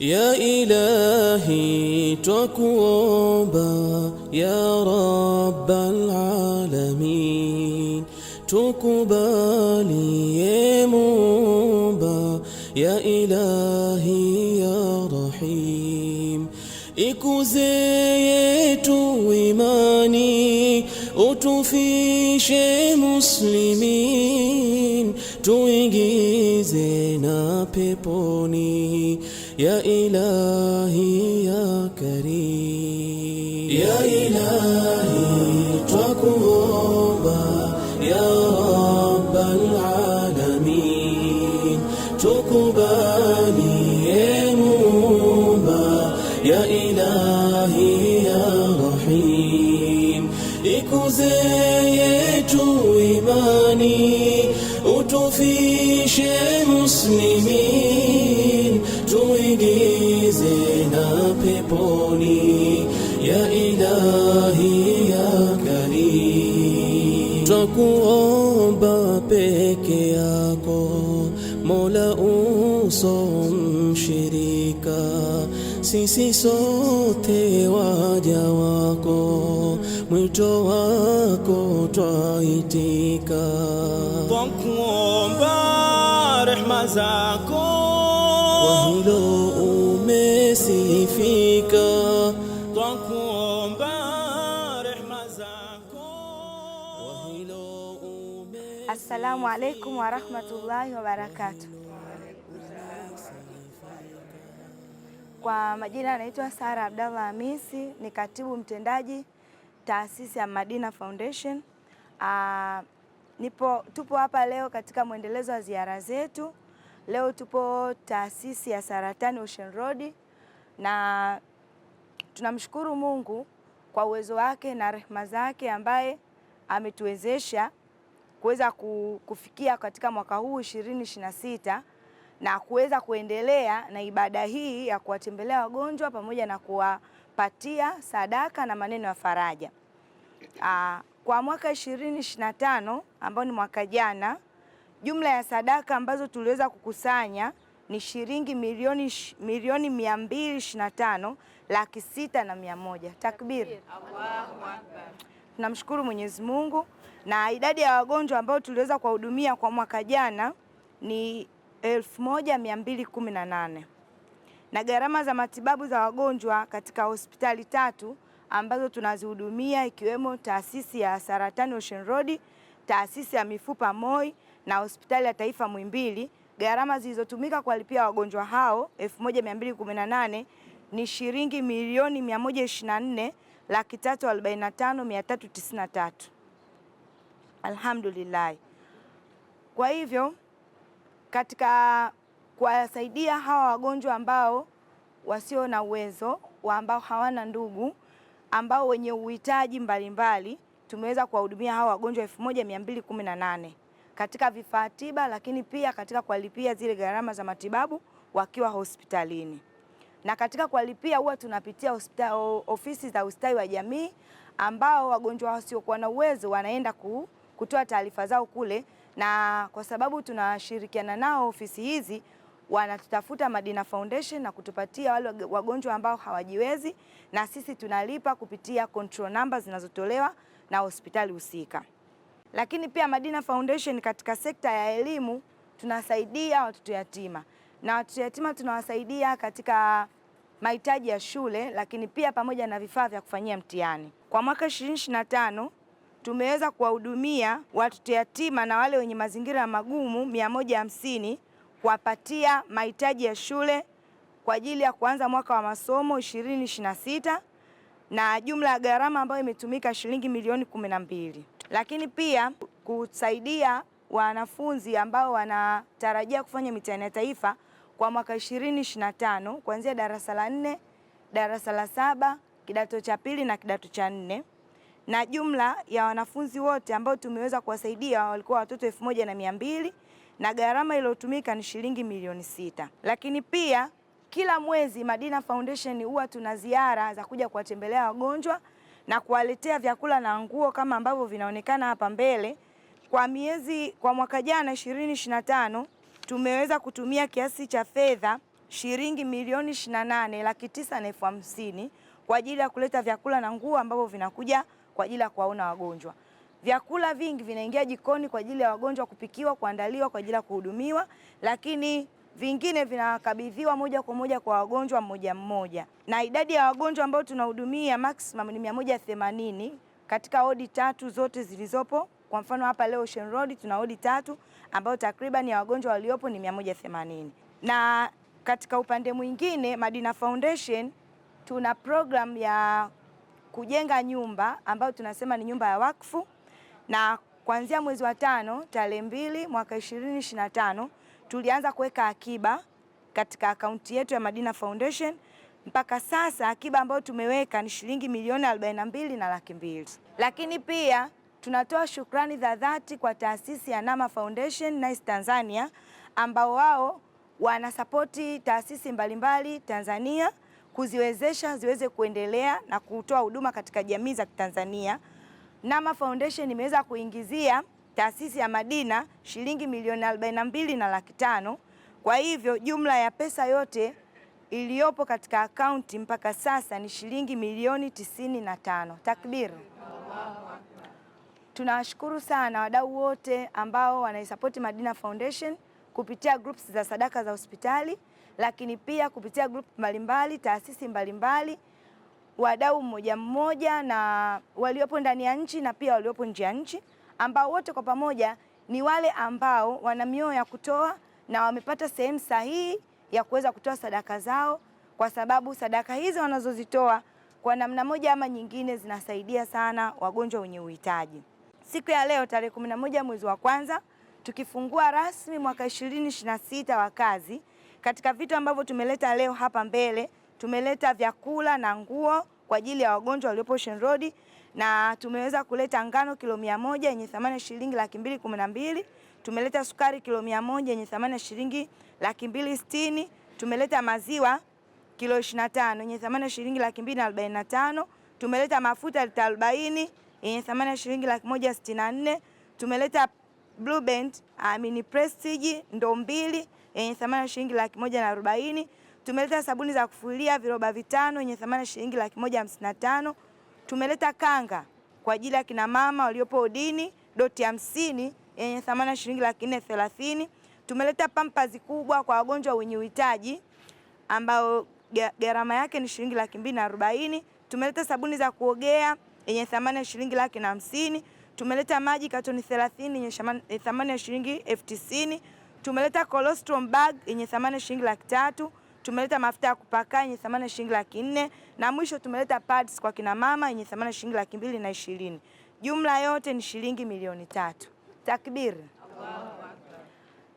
يا إلهي تكوبا يا رب العالمين تكوبا لي موبا يا إلهي يا رحيم إكوزي تويماني أتفيش مسلمين تويجيزينا بيبوني يا إلهي يا كريم يا إلهي تقوبا يا رب العالمين تقبلي موبا يا إلهي يا رحيم ikuze إيماني imani utufishe muslimin tuingize na peponi ya ilahi ya karim, twakuomba peke yako Mola, uso mshirika, sisi sote waja wako, mwito wako twaitika, twakuomba rehma zako Assalamu alaikum warahmatullahi wabarakatu Kwa majina anaitwa Sara Abdallah Hamisi, ni katibu mtendaji taasisi ya Madina Foundation. Aa, ah, nipo tupo hapa leo katika mwendelezo wa ziara zetu. Leo tupo taasisi ya Saratani Ocean Road na tunamshukuru Mungu kwa uwezo wake na rehema zake ambaye ametuwezesha kuweza kufikia katika mwaka huu ishirini na na kuweza kuendelea na ibada hii ya kuwatembelea wagonjwa pamoja na kuwapatia sadaka na maneno ya faraja. Aa, ah, kwa mwaka ishirini ambao ni mwaka jana, jumla ya sadaka ambazo tuliweza kukusanya ni shilingi milioni milioni mia mbili ishirini na tano laki sita na mia moja. Takbir, Allahu Akbar tunamshukuru Mwenyezi Mungu, na idadi ya wagonjwa ambao tuliweza kuwahudumia kwa mwaka jana ni 1218 na gharama za matibabu za wagonjwa katika hospitali tatu ambazo tunazihudumia ikiwemo taasisi ya saratani Ocean Road, taasisi ya mifupa MOI na hospitali ya taifa Muhimbili. Gharama zilizotumika kuwalipia wagonjwa hao 1218 ni shilingi milioni 124 laki tatu arobaini na tano mia tatu tisini na tatu. Alhamdulillah. Kwa hivyo katika kuwasaidia hawa wagonjwa ambao wasio na uwezo wa ambao hawana ndugu ambao wenye uhitaji mbalimbali tumeweza kuwahudumia hawa wagonjwa 1218 katika vifaa tiba, lakini pia katika kuwalipia zile gharama za matibabu wakiwa hospitalini na katika kuwalipia huwa tunapitia hospitali, ofisi za ustawi wa jamii ambao wagonjwa wasiokuwa na uwezo wanaenda ku, kutoa taarifa zao kule, na kwa sababu tunashirikiana nao ofisi hizi wanatutafuta Madina Foundation na kutupatia wale wagonjwa ambao hawajiwezi, na sisi tunalipa kupitia control number zinazotolewa na hospitali husika. Lakini pia Madina Foundation katika sekta ya elimu tunasaidia watoto yatima, na watoto yatima tunawasaidia katika mahitaji ya shule, lakini pia pamoja na vifaa vya kufanyia mtihani. Kwa mwaka 2025 tumeweza kuwahudumia watoto yatima na wale wenye mazingira magumu 150 kuwapatia mahitaji ya shule kwa ajili ya kuanza mwaka wa masomo 2026 na jumla ya gharama ambayo imetumika shilingi milioni 12, lakini pia kusaidia wanafunzi ambao wanatarajia kufanya mitihani ya taifa kwa mwaka 2025 kuanzia darasa la nne, darasa la saba, kidato cha pili na kidato cha nne, na jumla ya wanafunzi wote ambao tumeweza kuwasaidia walikuwa watoto elfu moja na mia mbili na gharama iliyotumika ni shilingi milioni sita. Lakini pia kila mwezi Madina Foundation huwa tuna ziara za kuja kuwatembelea wagonjwa na kuwaletea vyakula na nguo kama ambavyo vinaonekana hapa mbele. Kwa miezi kwa mwaka jana 2025 tumeweza kutumia kiasi cha fedha shilingi milioni ishirini nane laki tisa na elfu hamsini kwa ajili ya kuleta vyakula na nguo ambavyo vinakuja kwa ajili ya kuwaona wagonjwa. Vyakula vingi vinaingia jikoni kwa ajili ya wagonjwa kupikiwa, kuandaliwa kwa ajili ya kuhudumiwa, lakini vingine vinakabidhiwa moja kwa moja kwa wagonjwa mmoja mmoja, na idadi ya wagonjwa ambao tunahudumia maximum ni 180 katika odi tatu zote zilizopo kwa mfano hapa leo Ocean Road tuna wodi tatu ambayo takriban ya wagonjwa waliopo ni 180. Na katika upande mwingine Madina Foundation tuna program ya kujenga nyumba ambayo tunasema ni nyumba ya wakfu na kuanzia mwezi wa tano tarehe mbili mwaka 2025 tulianza kuweka akiba katika akaunti yetu ya Madina Foundation. Mpaka sasa akiba ambayo tumeweka ni shilingi milioni 42 na laki mbili, lakini pia tunatoa shukrani za dhati kwa taasisi ya Nama Foundation Nice Tanzania ambao wao wanasapoti taasisi mbalimbali Tanzania kuziwezesha ziweze kuendelea na kutoa huduma katika jamii za Tanzania. Nama Foundation imeweza kuingizia taasisi ya Madina shilingi milioni 42 na mbili na laki tano. Kwa hivyo jumla ya pesa yote iliyopo katika akaunti mpaka sasa ni shilingi milioni tisini na tano. Takbiru. Tunawashukuru sana wadau wote ambao wanaisapoti Madina Foundation kupitia groups za sadaka za hospitali, lakini pia kupitia group mbalimbali, taasisi mbalimbali, wadau mmoja mmoja, na waliopo ndani ya nchi na pia waliopo nje ya nchi, ambao wote kwa pamoja ni wale ambao wana mioyo ya kutoa na wamepata sehemu sahihi ya kuweza kutoa sadaka zao, kwa sababu sadaka hizo wanazozitoa kwa namna moja ama nyingine zinasaidia sana wagonjwa wenye uhitaji. Siku ya leo tarehe moja mwezi wa kwanza tukifungua rasmi mwaka sita wa kazi. Katika vitu ambavyo tumeleta leo hapa mbele, tumeleta vyakula na nguo kwa ajili ya wagonjwa waliopo Ocean Road na tumeweza kuleta ngano kilo mia moja yenye thamani ya shilingi laki mbili kumi na mbili. Tumeleta sukari kilo mia moja yenye thamani ya shilingi laki mbili sitini. Tumeleta maziwa kilo 25 yenye thamani ya shilingi laki mbili na arobaini na tano. Tumeleta mafuta lita arobaini yenye thamani ya shilingi laki moja sitini na nne. Tumeleta Blue Band Amini ah, Prestige ndo mbili yenye thamani ya shilingi laki moja na arobaini. Tumeleta sabuni za kufulia viroba vitano yenye thamani ya shilingi laki moja hamsini na tano. Tumeleta kanga kwa ajili ya kina mama waliopo udini doti hamsini yenye thamani ya shilingi laki nne thelathini. Tumeleta pampazi kubwa kwa wagonjwa wenye uhitaji ambao gharama yake ni shilingi laki mbili na arobaini. Tumeleta sabuni za kuogea yenye thamani ya shilingi laki na hamsini. Tumeleta maji katoni 30 yenye eh, thamani ya shilingi elfu tisini. Tumeleta colostrum bag yenye thamani ya shilingi laki tatu. Tumeleta mafuta ya kupaka yenye thamani ya shilingi laki nne na mwisho tumeleta pads kwa kina mama yenye thamani ya shilingi laki mbili na ishirini. Jumla yote ni shilingi milioni tatu. Takbiri!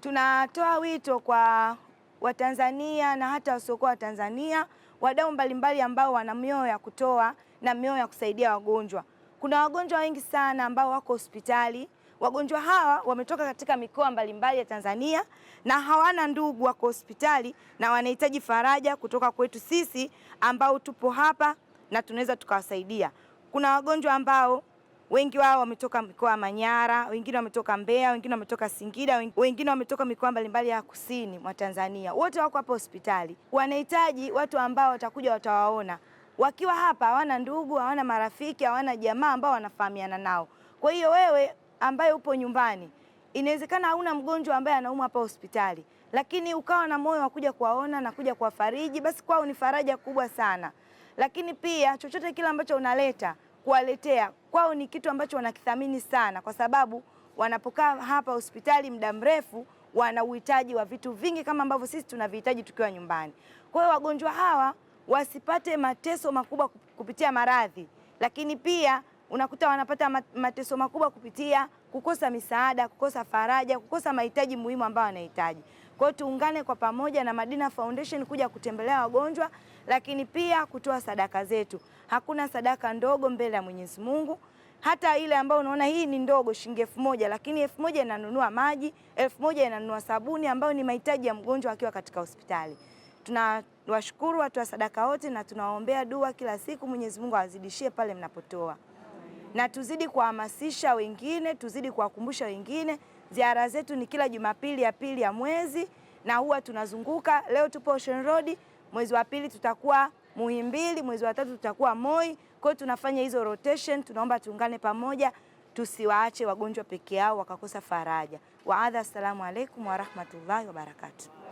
Tunatoa wito kwa Watanzania na hata wasiokuwa Watanzania, wadau mbalimbali ambao wana mioyo ya kutoa na mioyo ya kusaidia wagonjwa. Kuna wagonjwa wengi sana ambao wako hospitali. Wagonjwa hawa wametoka katika mikoa mbalimbali ya Tanzania na hawana ndugu, wako hospitali na wanahitaji faraja kutoka kwetu sisi ambao tupo hapa na tunaweza tukawasaidia. Kuna wagonjwa ambao wengi wao wametoka mikoa ya Manyara, wengine wametoka Mbeya, wengine wametoka Singida, wengine wametoka mikoa mbalimbali ya kusini mwa Tanzania. Wote wako hapa hospitali, wanahitaji watu ambao watakuja watawaona wakiwa hapa hawana ndugu, hawana marafiki, hawana jamaa ambao wanafahamiana nao. Kwa hiyo wewe ambaye upo nyumbani, inawezekana hauna mgonjwa ambaye anaumwa hapa hospitali, lakini ukawa na moyo wa kuja kuwaona na kuja kuwafariji, basi kwao ni faraja kubwa sana. Lakini pia chochote kile ambacho unaleta kuwaletea kwao ni kitu ambacho wanakithamini sana, kwa sababu wanapokaa hapa hospitali muda mrefu wana uhitaji wa vitu vingi kama ambavyo sisi tunavihitaji tukiwa nyumbani. Kwa hiyo wagonjwa hawa wasipate mateso makubwa kupitia maradhi, lakini pia unakuta wanapata mateso makubwa kupitia kukosa misaada, kukosa faraja, kukosa mahitaji muhimu ambayo wanahitaji. Kwa hiyo tuungane kwa pamoja na Madina Foundation kuja kutembelea wagonjwa, lakini pia kutoa sadaka zetu. Hakuna sadaka ndogo mbele ya Mwenyezi Mungu, hata ile ambayo unaona hii ni ndogo, shilingi elfu moja, lakini elfu moja inanunua maji, elfu moja inanunua sabuni ambayo ni mahitaji ya mgonjwa akiwa katika hospitali. Tunawashukuru watu wa sadaka wote na tunawaombea dua kila siku, Mwenyezi Mungu awazidishie pale mnapotoa, na tuzidi kuhamasisha wengine, tuzidi kuwakumbusha wengine. Ziara zetu ni kila Jumapili ya pili ya mwezi, na huwa tunazunguka. Leo tupo Ocean Road, mwezi wa pili tutakuwa Muhimbili, mwezi wa tatu tutakuwa Moi. Kwa hiyo tunafanya hizo rotation, tunaomba tuungane pamoja, tusiwaache wagonjwa peke yao wakakosa faraja. Waadha, assalamu alaikum warahmatullahi wabarakatu.